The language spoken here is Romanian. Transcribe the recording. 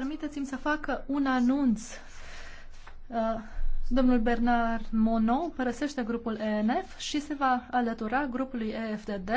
Permiteți-mi să fac un anunț. Uh, domnul Bernard Monod părăsește grupul ENF și se va alătura grupului EFDD